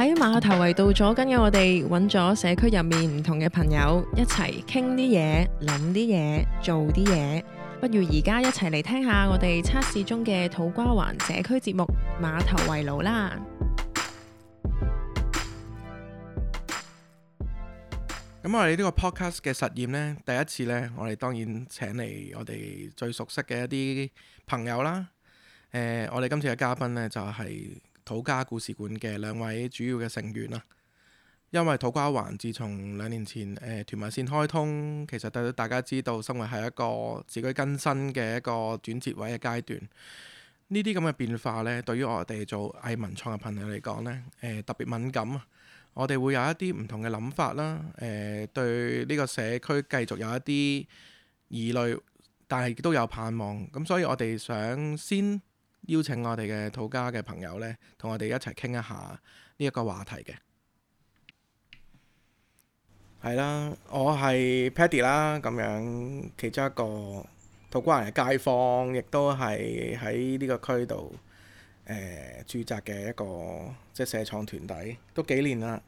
喺馬頭圍道左近，今日我哋揾咗社區入面唔同嘅朋友一齊傾啲嘢，諗啲嘢，做啲嘢，不如而家一齊嚟聽下我哋測試中嘅土瓜灣社區節目《馬頭圍爐》啦。咁我哋呢個 podcast 嘅實驗呢，第一次呢，我哋當然請嚟我哋最熟悉嘅一啲朋友啦。誒、呃，我哋今次嘅嘉賓呢，就係、是。土家故事館嘅兩位主要嘅成員啦，因為土瓜灣自從兩年前誒屯馬線開通，其實大家知道，生活係一個自己更新嘅一個轉折位嘅階段，呢啲咁嘅變化呢，對於我哋做藝文創嘅朋友嚟講呢，誒、呃、特別敏感啊！我哋會有一啲唔同嘅諗法啦，誒、呃、對呢個社區繼續有一啲疑慮，但係亦都有盼望，咁所以我哋想先，邀請我哋嘅土家嘅朋友呢，同我哋一齊傾一下呢一個話題嘅。係啦，我係 Paddy 啦，咁樣其中一個土瓜灣嘅街坊，亦都係喺呢個區度誒駐紮嘅一個即係社創團體，都幾年啦。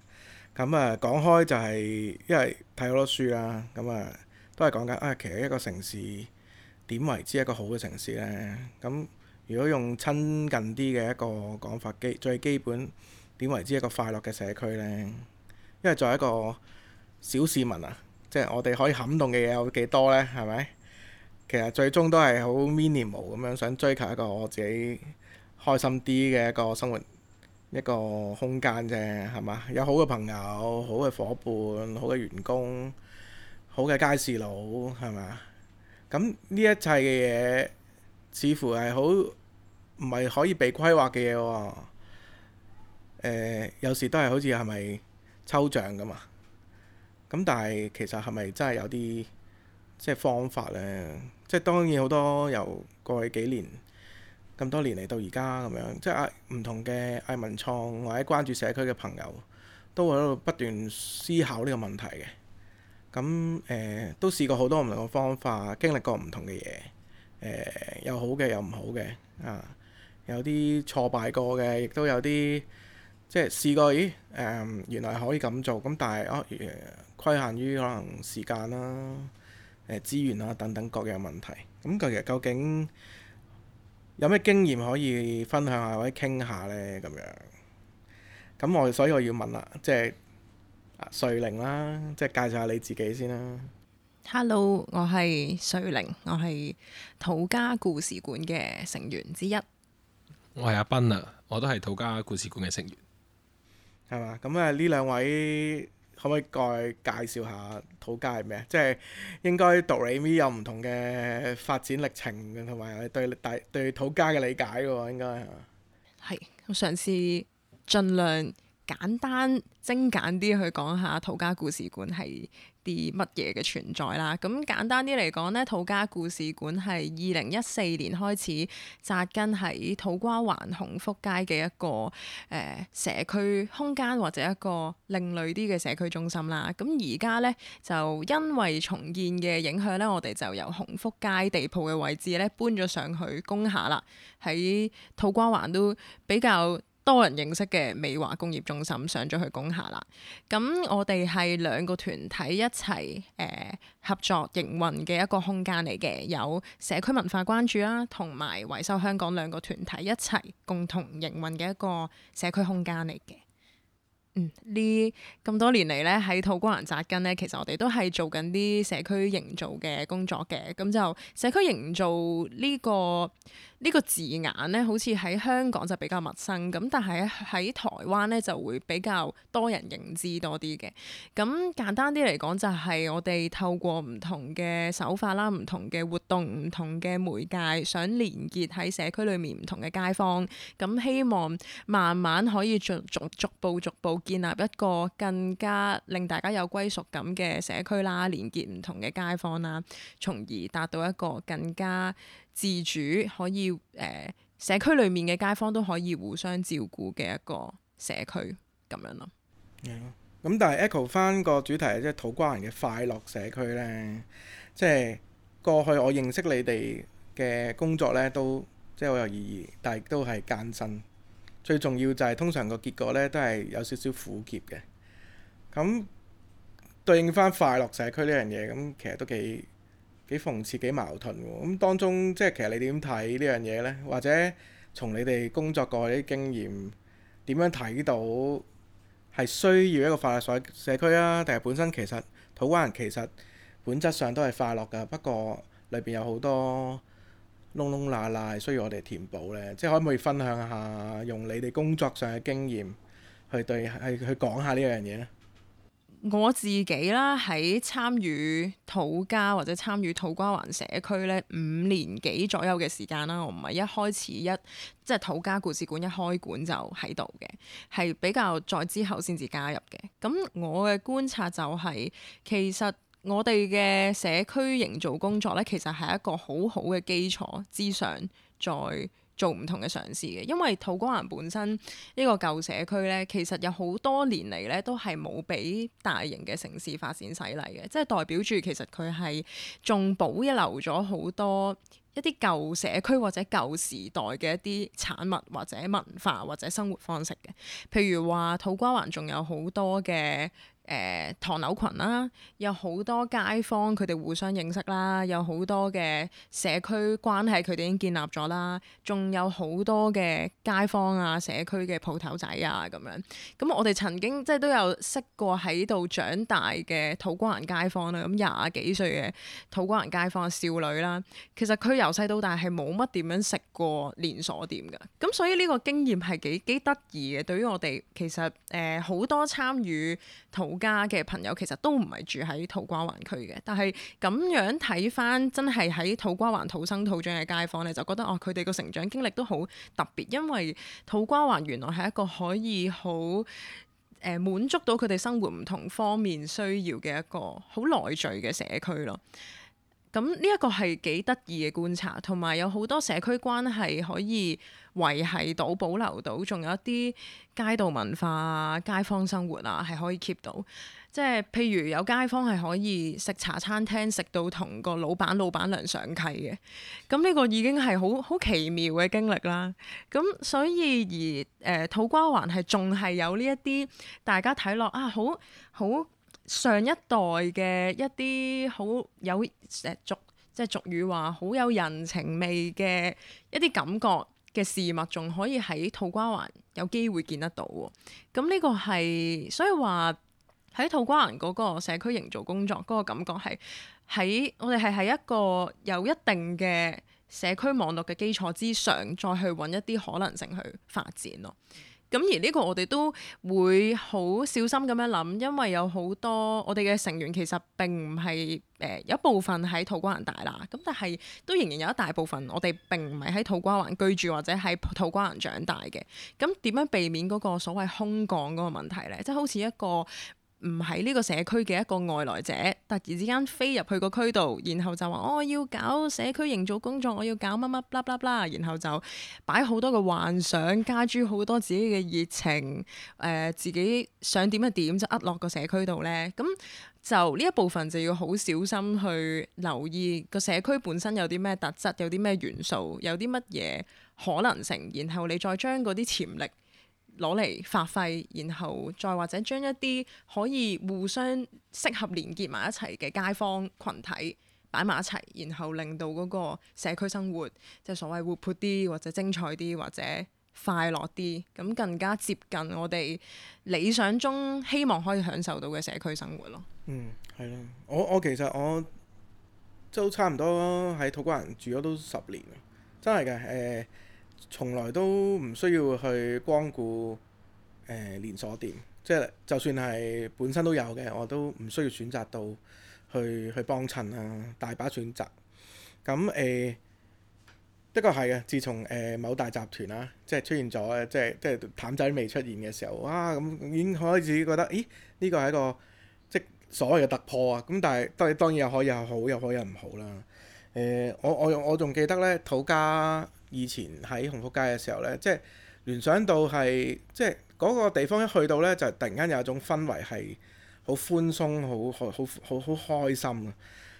咁啊講開就係、是，因為睇好多書啦，咁啊都係講緊啊，其實一個城市點為之一個好嘅城市呢？咁如果用親近啲嘅一個講法，基最基本點為之一個快樂嘅社區呢？因為作為一個小市民啊，即係我哋可以撼動嘅嘢有幾多呢？係咪？其實最終都係好 minimal 咁樣，想追求一個我自己開心啲嘅一個生活一個空間啫，係嘛？有好嘅朋友、好嘅伙伴、好嘅員工、好嘅街市佬，係咪？咁呢一切嘅嘢似乎係好，唔係可以被規劃嘅嘢喎，誒、有時都係好似係咪抽象㗎嘛？咁但係其實係咪真係有啲即係方法呢？即係當然好多由過去幾年咁多年嚟到而家咁樣，即係啊唔同嘅藝文創或者關注社區嘅朋友，都會喺度不斷思考呢個問題嘅。咁誒、呃、都試過好多唔同嘅方法，經歷過唔同嘅嘢，誒、呃、有好嘅有唔好嘅啊～有啲挫敗過嘅，亦都有啲即係試過，咦誒，原來可以咁做咁，但係哦，規、呃、限於可能時間啦、誒、呃、資源啦等等各樣問題。咁、嗯、其究竟有咩經驗可以分享下或者傾下呢？咁樣咁我所以我要問啦，即係啊瑞玲啦，即係介紹下你自己先啦。Hello，我係瑞玲，我係土家故事館嘅成員之一。我係阿斌啊，我都係土家故事館嘅成員，係嘛？咁啊，呢兩位可唔可以再介紹下土家係咩？即係應該讀嚟啲有唔同嘅發展歷程，同埋對大對土家嘅理解嘅喎，應該係嘛？係，我上次盡量簡單精簡啲去講下土家故事館係啲乜嘢嘅存在啦，咁簡單啲嚟講咧，土家故事館係二零一四年開始紮根喺土瓜灣鴻福街嘅一個誒、呃、社區空間或者一個另類啲嘅社區中心啦。咁而家呢，就因為重建嘅影響呢，我哋就由鴻福街地鋪嘅位置呢搬咗上去工廈啦，喺土瓜灣都比較。多人認識嘅美華工業中心，上咗去工廈啦。咁我哋係兩個團體一齊誒、呃、合作營運嘅一個空間嚟嘅，有社區文化關注啦、啊，同埋維修香港兩個團體一齊共同營運嘅一個社區空間嚟嘅。嗯，呢咁多年嚟咧，喺土瓜灣扎根咧，其實我哋都係做緊啲社區營造嘅工作嘅。咁就社區營造呢個呢個字眼咧，好似喺香港就比較陌生，咁但係喺台灣咧就會比較多人認知多啲嘅。咁簡單啲嚟講，就係我哋透過唔同嘅手法啦、唔同嘅活動、唔同嘅媒介，想連結喺社區裏面唔同嘅街坊，咁希望慢慢可以逐逐逐步逐步，建立一個更加令大家有歸屬感嘅社區啦，連結唔同嘅街坊啦，從而達到一個更加自主，可以誒、呃、社區裏面嘅街坊都可以互相照顧嘅一個社區咁樣咯。係咁、嗯、但係 echo 翻個主題，即係土瓜灣嘅快樂社區呢，即係過去我認識你哋嘅工作呢，都即係好有意義，但係都係艱辛。最重要就係通常個結果呢都係有少少苦澀嘅。咁對應翻快樂社區呢樣嘢，咁其實都幾幾諷刺、幾矛盾喎。咁當中即係其實你點睇呢樣嘢呢？或者從你哋工作過啲經驗，點樣睇到係需要一個快樂社區啊？定係本身其實土瓜人其實本質上都係快樂㗎，不過裏邊有好多。窿窿罅罅，需要我哋填補咧，即係可唔可以分享下用你哋工作上嘅經驗去對係去講下呢樣嘢咧？我自己啦，喺參與土家或者參與土瓜灣社區咧五年幾左右嘅時間啦，我唔係一開始一即係、就是、土家故事館一開館就喺度嘅，係比較再之後先至加入嘅。咁我嘅觀察就係、是、其實。我哋嘅社區營造工作咧，其實係一個好好嘅基礎之上，再做唔同嘅嘗試嘅。因為土瓜灣本身呢個舊社區咧，其實有好多年嚟咧都係冇俾大型嘅城市發展洗禮嘅，即係代表住其實佢係仲保留咗好多一啲舊社區或者舊時代嘅一啲產物或者文化或者生活方式嘅。譬如話土瓜灣仲有好多嘅。誒唐樓群啦、啊，有好多街坊佢哋互相認識啦、啊，有好多嘅社區關係佢哋已經建立咗啦、啊，仲有好多嘅街坊啊、社區嘅鋪頭仔啊咁樣。咁我哋曾經即係都有識過喺度長大嘅土瓜灣街坊啦、啊。咁廿幾歲嘅土瓜灣街坊嘅少女啦、啊，其實佢由細到大係冇乜點樣食過連鎖店㗎。咁所以呢個經驗係幾幾得意嘅。對於我哋其實誒好、呃、多參與。土家嘅朋友其實都唔係住喺土瓜灣區嘅，但係咁樣睇返真係喺土瓜灣土生土長嘅街坊咧，你就覺得哦，佢哋個成長經歷都好特別，因為土瓜灣原來係一個可以好誒、呃、滿足到佢哋生活唔同方面需要嘅一個好內聚嘅社區咯。咁呢一個係幾得意嘅觀察，同埋有好多社區關係可以維係到、保留到，仲有一啲街道文化啊、街坊生活啊，係可以 keep 到。即係譬如有街坊係可以食茶餐廳食到同個老闆、老闆娘上契嘅，咁呢個已經係好好奇妙嘅經歷啦。咁所以而誒、呃、土瓜灣係仲係有呢一啲大家睇落啊，好好。上一代嘅一啲好有誒、俗，即係俗語話好有人情味嘅一啲感覺嘅事物，仲可以喺土瓜灣有機會見得到喎。咁呢個係，所以話喺土瓜灣嗰個社區營造工作嗰個感覺係喺我哋係喺一個有一定嘅社區網絡嘅基礎之上，再去搵一啲可能性去發展咯。咁而呢個我哋都會好小心咁樣諗，因為有好多我哋嘅成員其實並唔係誒有一部分喺土瓜灣大啦，咁但係都仍然有一大部分我哋並唔係喺土瓜灣居住或者喺土瓜灣長大嘅。咁點樣避免嗰個所謂空降嗰個問題咧？即係好似一個。唔喺呢個社區嘅一個外來者，突然之間飛入去個區度，然後就話：「我要搞社區營造工作，我要搞乜乜，啦啦啦。」然後就擺好多嘅幻想，加諸好多自己嘅熱情，誒、呃、自己想點就點，就呃落個社區度呢。咁就呢一部分就要好小心去留意個社區本身有啲咩特質，有啲咩元素，有啲乜嘢可能性，然後你再將嗰啲潛力。攞嚟發揮，然後再或者將一啲可以互相適合連結埋一齊嘅街坊群體擺埋一齊，然後令到嗰個社區生活即係、就是、所謂活潑啲，或者精彩啲，或者快樂啲，咁更加接近我哋理想中希望可以享受到嘅社區生活咯。嗯，係啊，我我其實我都差唔多喺土瓜灣住咗都十年啦，真係嘅，誒、呃。從來都唔需要去光顧誒、呃、連鎖店，即係就算係本身都有嘅，我都唔需要選擇到去去幫襯啊，大把選擇。咁誒的確係啊。自從誒、呃、某大集團啦，即係出現咗，即係即係譚仔未出現嘅時候，哇！咁已經開始覺得，咦？呢個係一個即所謂嘅突破啊！咁但係當然當然又可以係好，又可以唔好啦。誒、呃，我我我仲記得咧，土家。以前喺鴻福街嘅時候呢，即係聯想到係即係嗰個地方一去到呢，就突然間有一種氛圍係好寬鬆、好好好好好開心啊！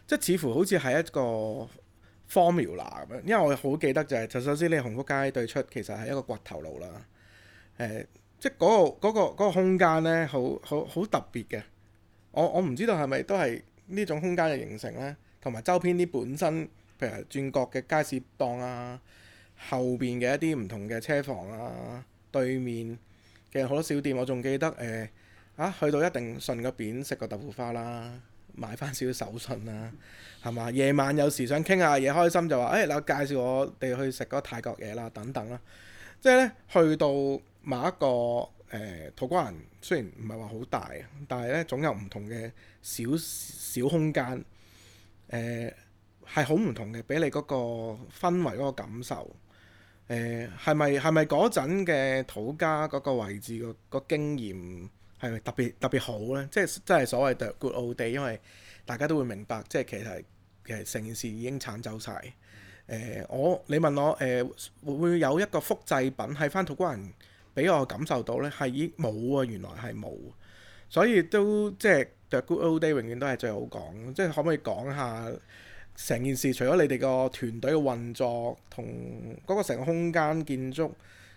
即係似乎好似係一個 formula 啦咁樣。因為我好記得就係、是、就首、是、先你鴻福街對出其實係一個掘頭路啦、呃，即係嗰、嗰個嗰、嗰個嗰個、空間呢，好好好特別嘅。我我唔知道係咪都係呢種空間嘅形成呢？同埋周邊啲本身譬如轉角嘅街市檔啊。後邊嘅一啲唔同嘅車房啊，對面嘅好多小店，我仲記得誒、呃，啊去到一定順嗰邊食個豆腐花啦，買翻少少手信啦、啊，係嘛？夜晚有時想傾下嘢開心就話，誒、欸、嗱介紹我哋去食嗰泰國嘢啦，等等啦、啊，即、就、係、是、呢，去到某一個誒土瓜灣，呃、人雖然唔係話好大，但係呢，總有唔同嘅小小空間，誒係好唔同嘅，俾你嗰個氛圍嗰個感受。誒係咪係咪嗰陣嘅土家嗰個位置、嗰個、嗰個經驗係咪特別特別好呢？即係真係所謂 the good old day，因為大家都會明白，即係其實其實成件事已經鏟走晒。誒、呃、我你問我誒唔、呃、會，會有一個複製品喺翻土瓜灣俾我感受到呢？係冇啊，原來係冇，所以都即係 the good old day 永遠都係最好講，即係可唔可以講下？成件事除咗你哋個團隊嘅運作，同嗰個成個空間、建築、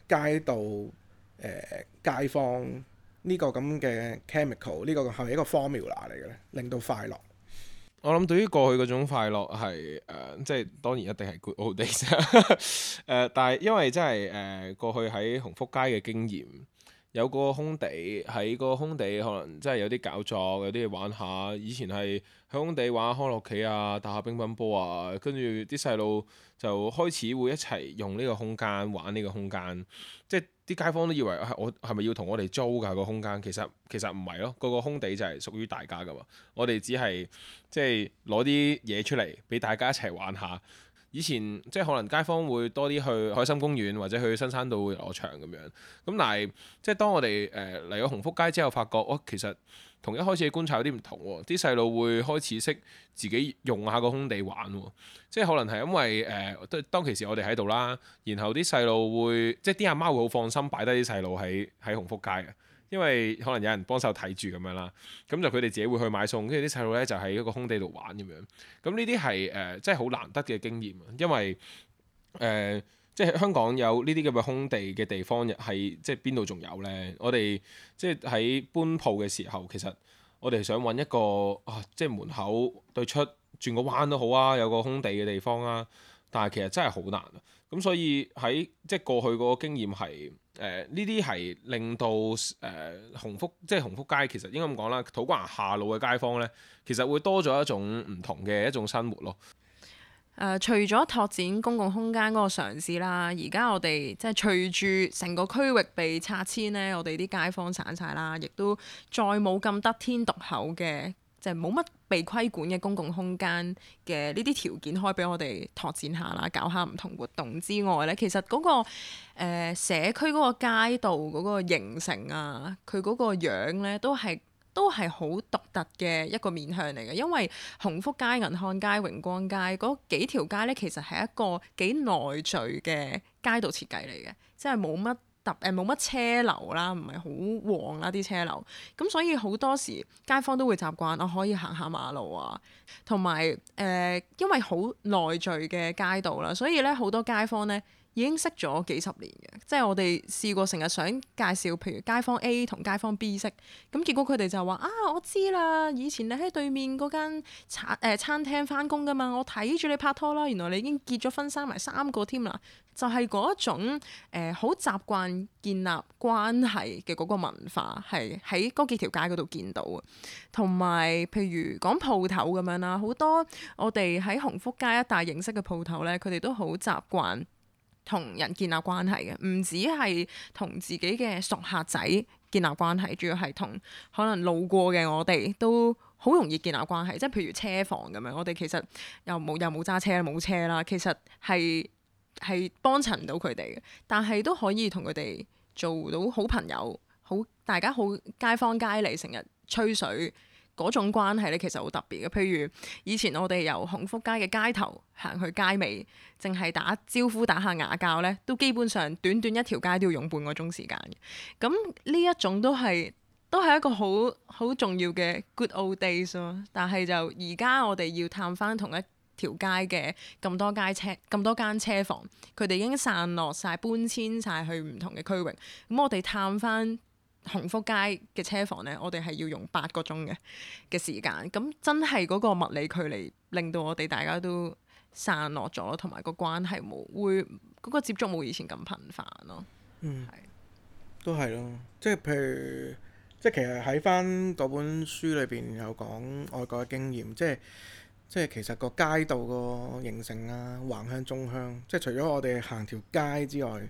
街道誒、呃、街坊呢、這個咁嘅 chemical 呢個係咪一個 formula 嚟嘅咧？令到快樂。我諗對於過去嗰種快樂係誒，即係當然一定係 good old days 誒、 呃，但係因為真係誒、呃、過去喺鴻福街嘅經驗。有個空地喺個空地，可能真係有啲搞作，有啲嘢玩下。以前係喺空地玩下康樂棋啊，打下乒乓波啊，跟住啲細路就開始會一齊用呢個空間玩呢個空間。即係啲街坊都以為我係咪要同我哋租㗎個空間？其實其實唔係咯，個個空地就係屬於大家噶嘛。我哋只係即係攞啲嘢出嚟俾大家一齊玩下。以前即係可能街坊會多啲去海心公園或者去新山道遊樂場咁樣，咁但係即係當我哋誒嚟咗鴻福街之後，發覺我、哦、其實同一開始嘅觀察有啲唔同喎，啲細路會開始識自己用下個空地玩喎、啊，即係可能係因為誒都、呃、當其時我哋喺度啦，然後啲細路會即係啲阿媽會好放心擺低啲細路喺喺鴻福街嘅。因為可能有人幫手睇住咁樣啦，咁就佢哋自己會去買餸，跟住啲細路咧就喺一個空地度玩咁樣。咁呢啲係誒，真係好難得嘅經驗。因為誒、呃，即係香港有呢啲咁嘅空地嘅地方，係即係邊度仲有呢？我哋即係喺搬鋪嘅時候，其實我哋想揾一個啊，即係門口對出轉個彎都好啊，有個空地嘅地方啊。但係其實真係好難啊。咁所以喺即係過去嗰個經驗係。誒呢啲係令到誒鴻、呃、福即係鴻福街，其實應該咁講啦，土瓜灣下路嘅街坊咧，其實會多咗一種唔同嘅一種生活咯。誒、呃，除咗拓展公共空間嗰個嘗試啦，而家我哋即係隨住成個區域被拆遷咧，我哋啲街坊散晒啦，亦都再冇咁得天獨厚嘅，就冇乜被規管嘅公共空間嘅呢啲條件，可以俾我哋拓展下啦，搞下唔同活動之外咧，其實嗰個、呃、社區嗰個街道嗰個形成啊，佢嗰個樣咧都係都係好獨特嘅一個面向嚟嘅，因為鴻福街、銀漢街、榮光街嗰幾條街咧，其實係一個幾內聚嘅街道設計嚟嘅，即係冇乜。特誒冇乜車流啦，唔係好旺啦啲車流，咁所以好多時街坊都會習慣我可以行下馬路啊，同埋誒因為好內聚嘅街道啦，所以咧好多街坊咧。已經識咗幾十年嘅，即係我哋試過成日想介紹，譬如街坊 A 同街坊 B 識咁，結果佢哋就話：啊，我知啦，以前你喺對面嗰間茶、呃、餐廳翻工㗎嘛，我睇住你拍拖啦，原來你已經結咗婚，生埋三個添啦，就係嗰一種誒好、呃、習慣建立關係嘅嗰個文化，係喺嗰幾條街嗰度見到嘅。同埋譬如講鋪頭咁樣啦，好多我哋喺鴻福街一帶認識嘅鋪頭咧，佢哋都好習慣。同人建立關係嘅，唔止係同自己嘅熟客仔建立關係，主要係同可能路過嘅我哋都好容易建立關係。即係譬如車房咁樣，我哋其實又冇又冇揸車，冇車啦，其實係係幫襯唔到佢哋嘅，但係都可以同佢哋做到好朋友，好大家好街坊街嚟，成日吹水。嗰種關係咧，其實好特別嘅。譬如以前我哋由鴻福街嘅街頭行去街尾，淨係打招呼打下牙鉸咧，都基本上短短一條街都要用半個鐘時，時間嘅。咁呢一種都係都係一個好好重要嘅 good old days 咯。但係就而家我哋要探翻同一條街嘅咁多街車、咁多間車房，佢哋已經散落晒、搬遷晒去唔同嘅區域。咁我哋探翻。鴻福街嘅車房呢，我哋係要用八個鐘嘅嘅時間。咁真係嗰個物理距離令到我哋大家都散落咗，同埋個關係冇會嗰、嗰個接觸冇以前咁頻繁咯。嗯，是都係咯。即係譬如，即係其實喺翻嗰本書裏邊有講外國嘅經驗，即係即係其實個街道個形成啦、啊，橫向縱向，即係除咗我哋行條街之外。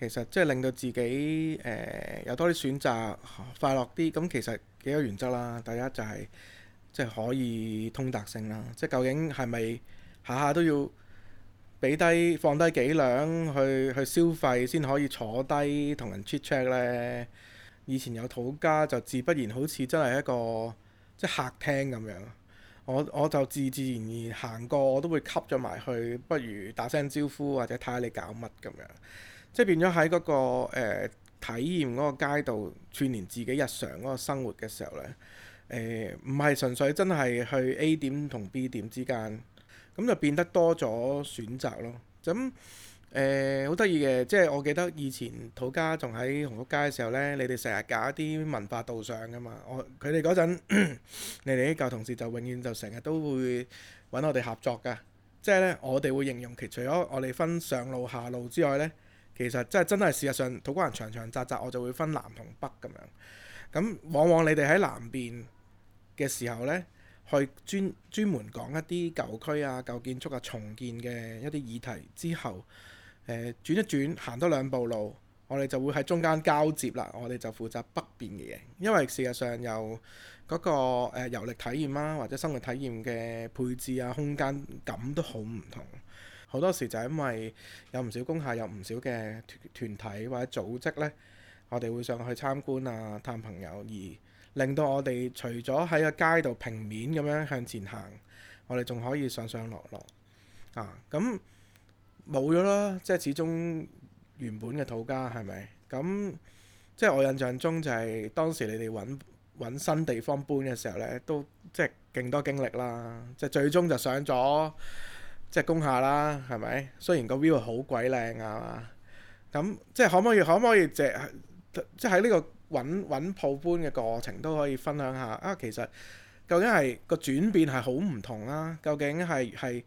其實即係令到自己誒、呃、有多啲選擇，快樂啲。咁、嗯、其實幾個原則啦，第一就係即係可以通達性啦。即係究竟係咪下下都要俾低放低幾兩去去消費先可以坐低同人 che check check 咧？以前有土家就自不然，好似真係一個即係客廳咁樣。我我就自自然然行過我都會吸咗埋去，不如打聲招呼或者睇下你搞乜咁樣。即係變咗喺嗰個誒、呃、體驗嗰個街道，串連自己日常嗰個生活嘅時候咧，誒唔係純粹真係去 A 點同 B 點之間，咁就變得多咗選擇咯。咁誒好得意嘅，即係我記得以前土家仲喺鴻福街嘅時候咧，你哋成日搞一啲文化導賞噶嘛。我佢哋嗰陣，你哋啲舊同事就永遠就成日都會搵我哋合作㗎。即係咧，我哋會形容其除咗我哋分上路下路之外咧。其實真係真係，事實上土瓜灣長長窄窄，我就會分南同北咁樣。咁往往你哋喺南邊嘅時候呢，去專專門講一啲舊區啊、舊建築啊重建嘅一啲議題之後，誒、呃、轉一轉行多兩步路，我哋就會喺中間交接啦。我哋就負責北邊嘅嘢，因為事實上由嗰個誒遊歷體驗啊，或者生活體驗嘅配置啊、空間感感都好唔同。好多時就係因為有唔少工廈，有唔少嘅團團體或者組織呢，我哋會上去參觀啊、探朋友，而令到我哋除咗喺個街度平面咁樣向前行，我哋仲可以上上落落啊。咁冇咗啦，即係始終原本嘅土家係咪？咁即係我印象中就係當時你哋揾揾新地方搬嘅時候呢，都即係勁多經歷啦。即係最終就上咗。即係工廈啦，係咪？雖然個 view 好鬼靚啊，咁即係可唔可以？可唔可以借？即係喺呢個揾揾鋪搬嘅過程都可以分享下啊。其實究竟係個轉變係好唔同啦、啊。究竟係係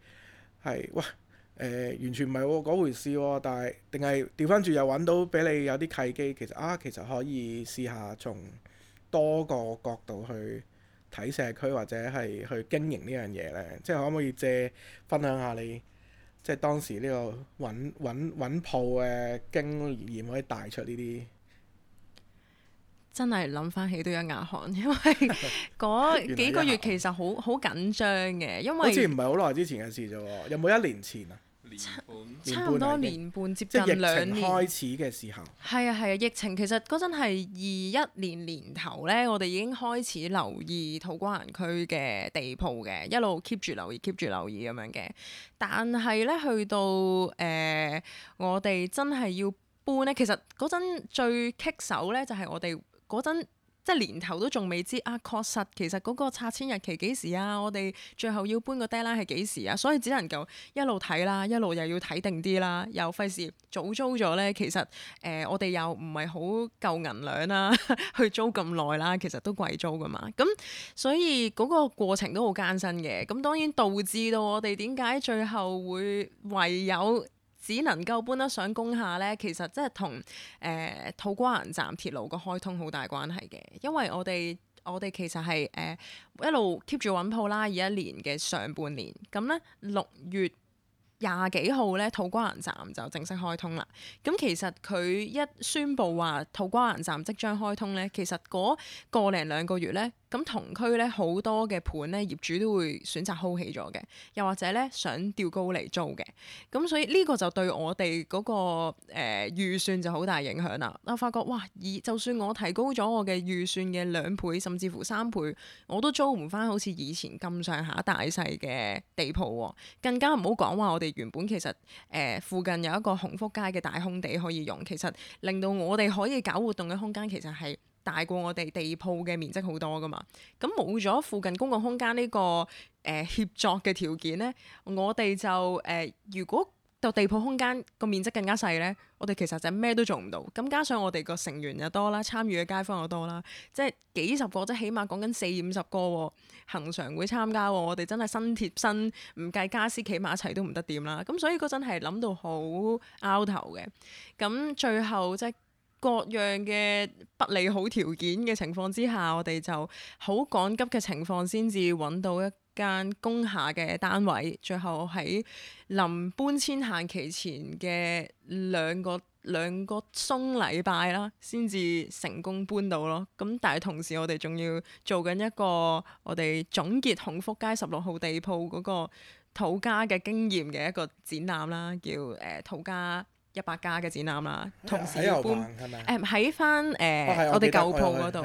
係喂誒，完全唔係喎嗰回事喎、啊。但係定係調翻轉又揾到俾你有啲契機。其實啊，其實可以試下從多個角度去。睇社區或者係去經營呢樣嘢呢，即係可唔可以借分享下你即係當時呢個揾揾揾鋪嘅經驗，可以帶出呢啲？真係諗翻起都一額汗，因為嗰 幾個月其實好好緊張嘅，因為好似唔係好耐之前嘅事啫喎，有冇一年前啊？差唔多年半，接近兩年開始嘅時候。係啊係啊，疫情其實嗰陣係二一年年頭咧，我哋已經開始留意土瓜灣區嘅地鋪嘅，一路 keep 住留意，keep 住留意咁樣嘅。但係咧，去到誒、呃、我哋真係要搬咧，其實嗰陣最棘手咧，就係我哋嗰陣。即係年頭都仲未知啊！確實其實嗰個拆遷日期幾時啊？我哋最後要搬個 deadline 係幾時啊？所以只能夠一路睇啦，一路又要睇定啲啦，又費事早租咗咧。其實誒、呃，我哋又唔係好夠銀兩啦，去租咁耐啦，其實都貴租噶嘛。咁所以嗰個過程都好艱辛嘅。咁當然導致到我哋點解最後會唯有。只能夠搬得上工廈呢，其實即係同誒土瓜灣站鐵路個開通好大關係嘅，因為我哋我哋其實係誒、呃、一路 keep 住揾鋪啦，二一年嘅上半年咁呢六月廿幾號呢，土瓜灣站就正式開通啦。咁、嗯、其實佢一宣布話土瓜灣站即將開通呢，其實個零兩個月呢。咁同區咧好多嘅盤咧，業主都會選擇 hold 起咗嘅，又或者咧想調高嚟租嘅。咁所以呢個就對我哋嗰個誒預算就好大影響啦。我發覺哇，以就算我提高咗我嘅預算嘅兩倍，甚至乎三倍，我都租唔翻好似以前咁上下大細嘅地鋪。更加唔好講話我哋原本其實誒、呃、附近有一個鴻福街嘅大空地可以用，其實令到我哋可以搞活動嘅空間其實係大過我哋地鋪嘅面積好多㗎嘛？咁冇咗附近公共空間呢、這個誒、呃、協作嘅條件呢，我哋就誒、呃、如果就地鋪空間個面積更加細呢，我哋其實就咩都做唔到。咁加上我哋個成員又多啦，參與嘅街坊又多啦，即係幾十個，即係起碼講緊四五十個恆常會參加喎。我哋真係身貼身，唔計家私企埋一齊都唔得掂啦。咁所以嗰陣係諗到好拗頭嘅。咁最後即各樣嘅不利好條件嘅情況之下，我哋就好趕急嘅情況先至揾到一間工廈嘅單位，最後喺臨搬遷限期前嘅兩個兩個鬆禮拜啦，先至成功搬到咯。咁但係同時，我哋仲要做緊一個我哋總結鴻福街十六號地鋪嗰個土家嘅經驗嘅一個展覽啦，叫誒、呃、土家。一百家嘅展覽啊，同時又搬係咪，誒喺翻，誒我哋舊鋪嗰度，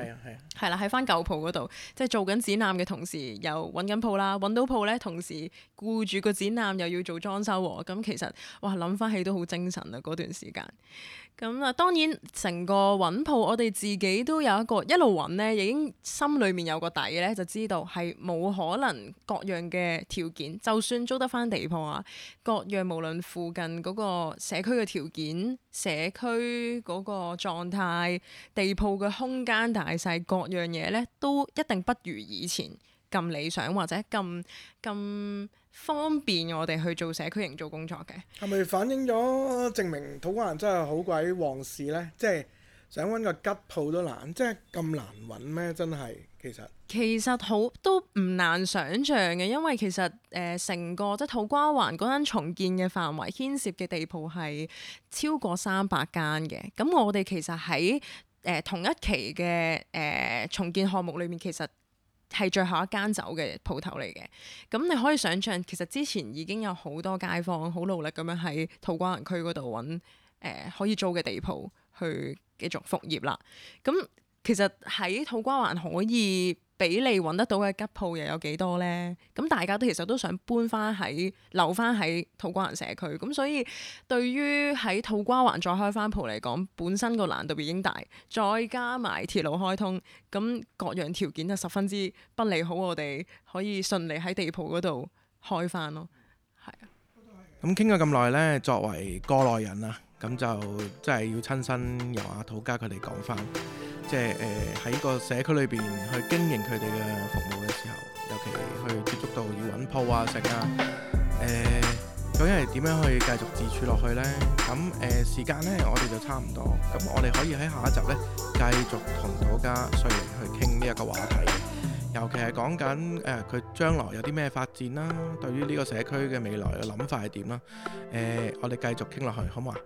係啦，喺翻舊鋪嗰度，即係做緊展覽嘅同時又揾緊鋪啦，揾到鋪咧，同時顧住個展覽又要做裝修喎，咁其實哇諗翻起都好精神啊嗰段時間，咁啊當然成個揾鋪我哋自己都有一個一路揾咧，已經心裏面有個底咧，就知道係冇可能，各樣嘅條件，就算租得翻地鋪啊，各樣無論附近嗰個社區嘅條。條件、社區嗰個狀態、地鋪嘅空間大細，各樣嘢呢都一定不如以前咁理想，或者咁咁方便我哋去做社區營造工作嘅。係咪反映咗證明土瓜灣真係好鬼旺市呢？即係想揾個吉鋪都難，即係咁難揾咩？真係。其實其實好都唔難想像嘅，因為其實誒成、呃、個即係土瓜灣嗰間重建嘅範圍牽涉嘅地鋪係超過三百間嘅。咁我哋其實喺誒、呃、同一期嘅誒、呃、重建項目裏面，其實係最後一間走嘅鋪頭嚟嘅。咁你可以想像，其實之前已經有好多街坊好努力咁樣喺土瓜灣區嗰度搵可以租嘅地鋪去繼續復業啦。咁其實喺土瓜灣可以俾你揾得到嘅吉鋪又有幾多呢？咁大家都其實都想搬翻喺留翻喺土瓜灣社區咁，所以對於喺土瓜灣再開翻鋪嚟講，本身個難度已經大，再加埋鐵路開通，咁各樣條件就十分之不利，好我，我哋可以順利喺地鋪嗰度開翻咯。係啊，咁傾咗咁耐呢？作為過來人啦，咁就真係要親身由阿土家佢哋講翻。即係喺、呃、個社區裏邊去經營佢哋嘅服務嘅時候，尤其去接觸到要揾鋪啊、食、呃、啊，究竟係點樣去繼續自處落去呢？咁、嗯、誒、呃、時間呢，我哋就差唔多，咁、嗯、我哋可以喺下一集呢，繼續同土家衰人去傾呢一個話題，尤其係講緊誒佢將來有啲咩發展啦，對於呢個社區嘅未來嘅諗法係點啦？誒、呃，我哋繼續傾落去，好唔好啊？